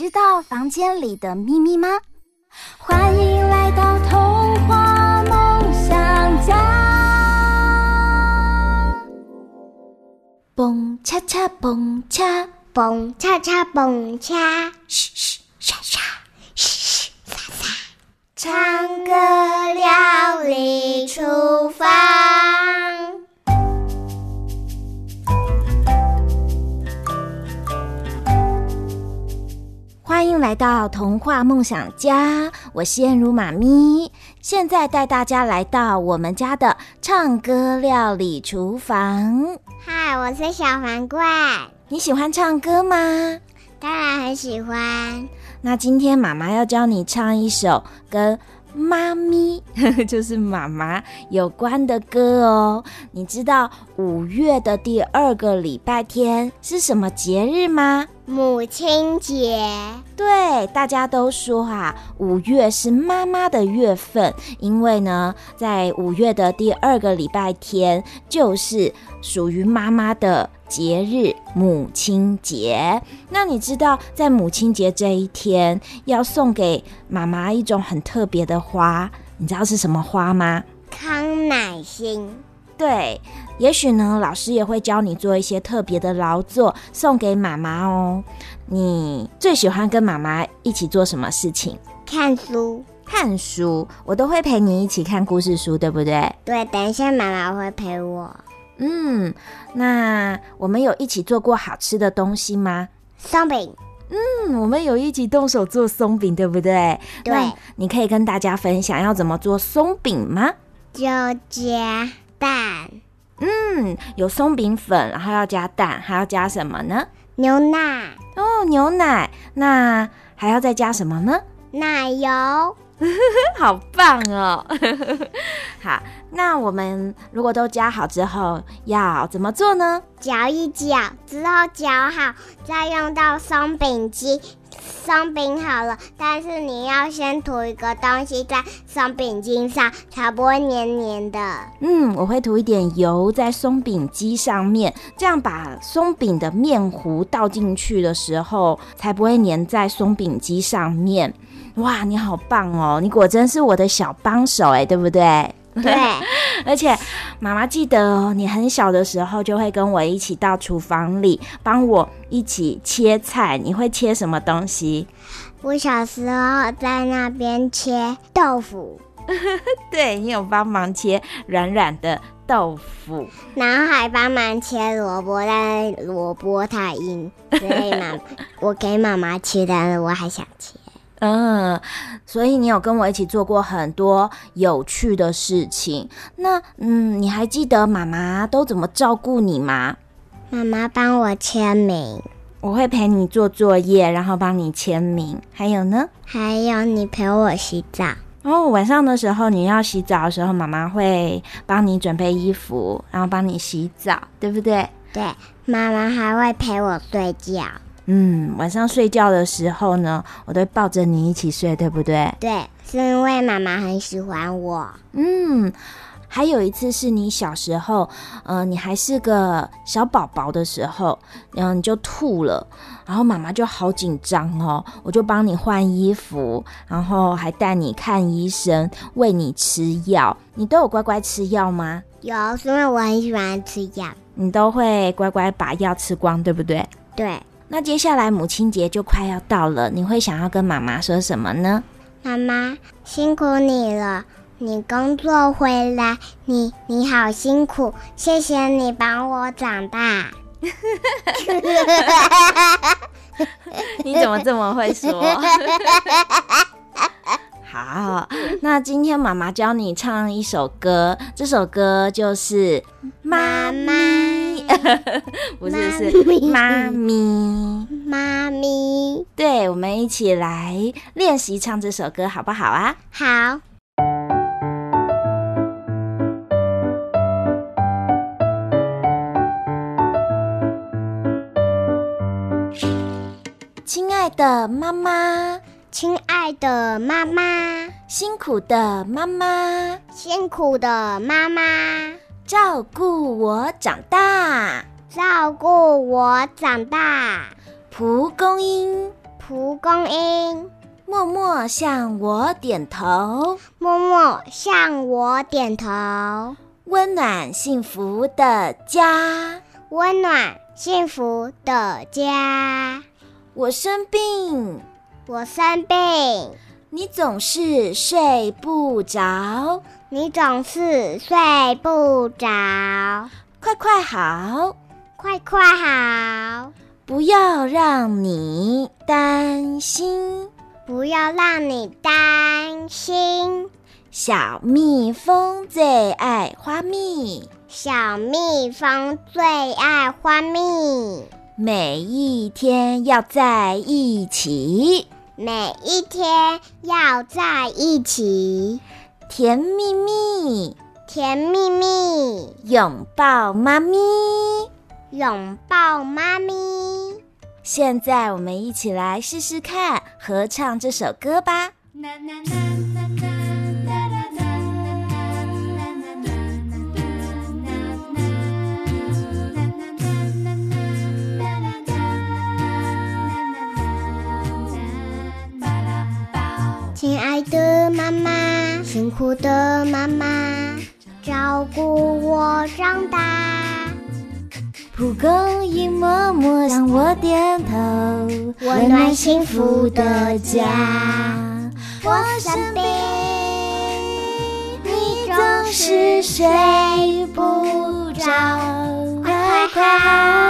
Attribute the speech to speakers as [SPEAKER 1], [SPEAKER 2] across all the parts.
[SPEAKER 1] 知道房間裡的秘密嗎？歡迎來到童話夢想家。蹦恰
[SPEAKER 2] 恰蹦恰，蹦恰恰蹦恰，噓噓沙沙，噓噓沙沙，唱歌料理廚
[SPEAKER 1] 房。來到童話夢想家，我是彥如媽咪，現在帶大家來到我們家的唱歌料理廚房。
[SPEAKER 2] 嗨，我是小皇
[SPEAKER 1] 冠，你喜歡唱歌嗎？當然很喜歡。那今天媽媽要教你唱一首跟媽咪，就是媽媽有關的歌哦。你知道五月的第二個禮拜天是什麼節日嗎？母親節，對，大家都說哈、啊，五月是媽媽的月份，因為呢，在五月的第二個禮拜天，就是屬於媽媽的節日——母親節。那你知道，在母親節這一天，要送給媽媽一種很特別的花，你知道是什麼花嗎？
[SPEAKER 2] 康乃馨。
[SPEAKER 1] 對，也許呢，老師也會教你做一些特別的勞作送給媽媽哦。你最喜歡跟媽媽一起做什麼事情？看書，看書，我都會陪你一起看故事書，對不對？
[SPEAKER 2] 對，等一下媽媽會陪我。
[SPEAKER 1] 嗯，那我們有一起做過好吃的東西嗎？鬆餅。嗯，我們有一起動手做鬆餅，對不對？對。你可以跟大家分享要怎麼做鬆餅嗎？就加。蛋，嗯，有鬆餅粉，然後要加蛋，還要加什麼呢？牛奶。哦，牛奶，那還要再加什麼呢？奶油。 好棒哦！ 好，那我們如果都加好之後，要怎麼做呢？攪一攪，
[SPEAKER 2] 之後攪好，再用到鬆餅機。鬆餅好了，但是你要先塗一個東西在鬆餅機上，才不會黏黏
[SPEAKER 1] 的。嗯，我會塗一點油在鬆餅機上面，這樣把鬆餅的麵糊倒進去的時候，才不會粘在鬆餅機上面。哇，你好棒哦！你果真是我的小幫手哎、欸，對不對？對，而且媽媽記得哦，你很小的時候就會跟我一起到廚房裡幫我一起切菜，你會切什麼東西？我小
[SPEAKER 2] 時候在那邊切豆腐， 對，你有幫忙切軟軟的豆腐，然後還幫忙切蘿蔔，但是蘿
[SPEAKER 1] 蔔太硬，所以媽 我給媽媽切的，我還想切。嗯，所以你有跟我一起做過很多有趣的事情。那嗯，你還記得媽媽都怎麼照顧你嗎？媽媽幫我簽名。我會陪你做作業，然後幫你簽名。還有呢？還有你陪我洗澡。哦，晚上的時候你要洗澡的時候，媽媽會幫你準備衣服，然後幫你洗澡，對不對？對，媽媽
[SPEAKER 2] 還會陪我睡覺。
[SPEAKER 1] 嗯，晚上睡覺的時候呢，我都抱着你一起睡，對不對？對，是因為媽媽很喜歡我。嗯，還有一次是你小時候，嗯、呃，你還是個小寶寶的時候，嗯，你就吐了，然後媽媽就好緊張哦，我就幫你換衣服，然後還帶你看醫生，餵你吃藥。你都有乖乖吃藥嗎？
[SPEAKER 2] 有，是因為我很喜歡吃藥，
[SPEAKER 1] 你都會乖乖把藥吃光，對不對？對。那接下來母親節就快要到了，你會想要跟媽媽說什麼呢？
[SPEAKER 2] 媽媽辛苦你了，你工作回來，你你好辛苦，謝謝你幫我長大。
[SPEAKER 1] 你怎麼這麼會說？ 好，那今天媽媽教你唱一首歌，這首歌就是《媽媽》。 不是媽咪是媽咪媽咪，對，我們一起來練習唱這首歌好不好啊？好。親愛的媽媽，親
[SPEAKER 2] 愛的媽媽，辛苦的媽媽，辛苦的媽媽。照顧我長大，照顧我長大。蒲公英，蒲公英，默默向我點頭，默默向我點頭。溫暖幸福的家，溫暖幸福的家。我生病，我生病。你總是睡不着，你總是睡不着。快快好，快快好！不要讓你擔心，不要讓你擔心。小蜜蜂最愛花蜜，小蜜蜂最愛花蜜。每一天要在一起。每一天要在一起，甜蜜蜜，
[SPEAKER 1] 甜蜜蜜，擁抱媽咪，擁抱媽咪。現在我們一起來試試看合唱這首歌吧。
[SPEAKER 2] 親愛的媽媽，辛苦的媽媽，照顧我長大。蒲公英默
[SPEAKER 1] 默向我點頭，溫暖幸福的家。
[SPEAKER 3] 我生病，身邊你總是
[SPEAKER 2] 睡不着，快快。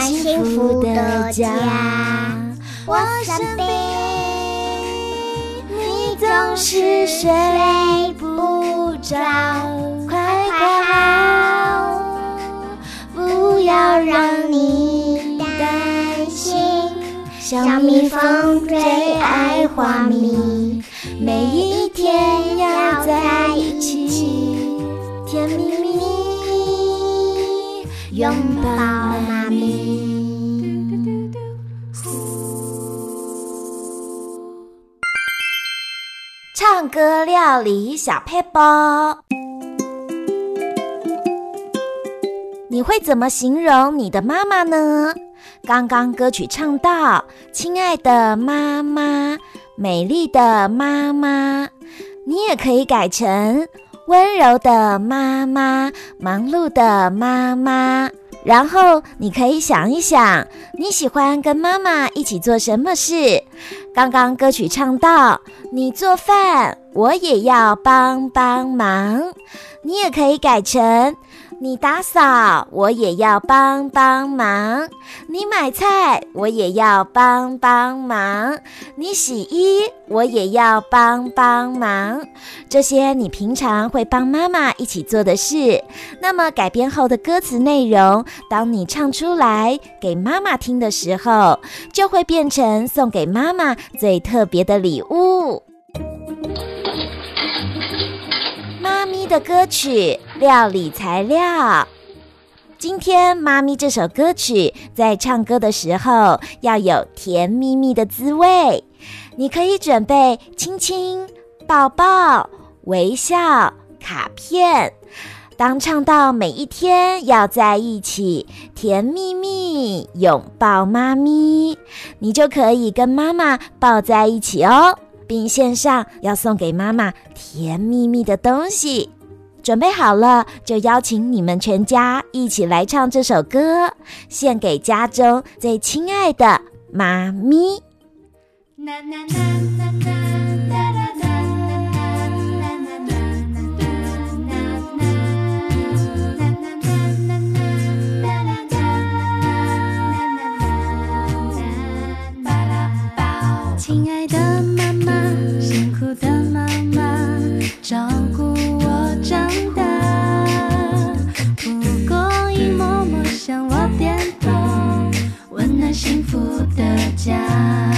[SPEAKER 2] 幸福的家，我生病，你總是睡不着，快快好，不要讓你擔心。小蜜蜂最愛花蜜，每一天要在一起，甜蜜蜜，擁抱。
[SPEAKER 1] 唱歌料理小撇步，你會怎麼形容你的媽媽呢？剛剛歌曲唱到“親愛的媽媽，美麗的媽媽”，你也可以改成“溫柔的媽媽，忙碌的媽媽”。然後你可以想一想，你喜歡跟媽媽一起做什麼事？剛剛歌曲唱到“你做飯，我也要幫幫忙”，你也可以改成，你打掃，我也要幫幫忙；你買菜，我也要幫幫忙；你洗衣，我也要幫幫忙。這些你平常會幫媽媽一起做的事，那麼改編後的歌詞內容，當你唱出來給媽媽聽的時候，就會變成送給媽媽最特別的禮物。的歌曲料理材料，今天媽咪這首歌曲在唱歌的時候要有甜蜜蜜的滋味。你可以準備親親、抱抱、微笑、卡片。當唱到每一天要在一起甜蜜蜜擁抱媽咪，你就可以跟媽媽抱在一起哦，並獻上要送給媽媽甜蜜蜜的東西。準備好了，就邀請你們全家一起來唱這首歌，獻給家中最親愛的媽咪。娜娜娜
[SPEAKER 3] 幸福的家。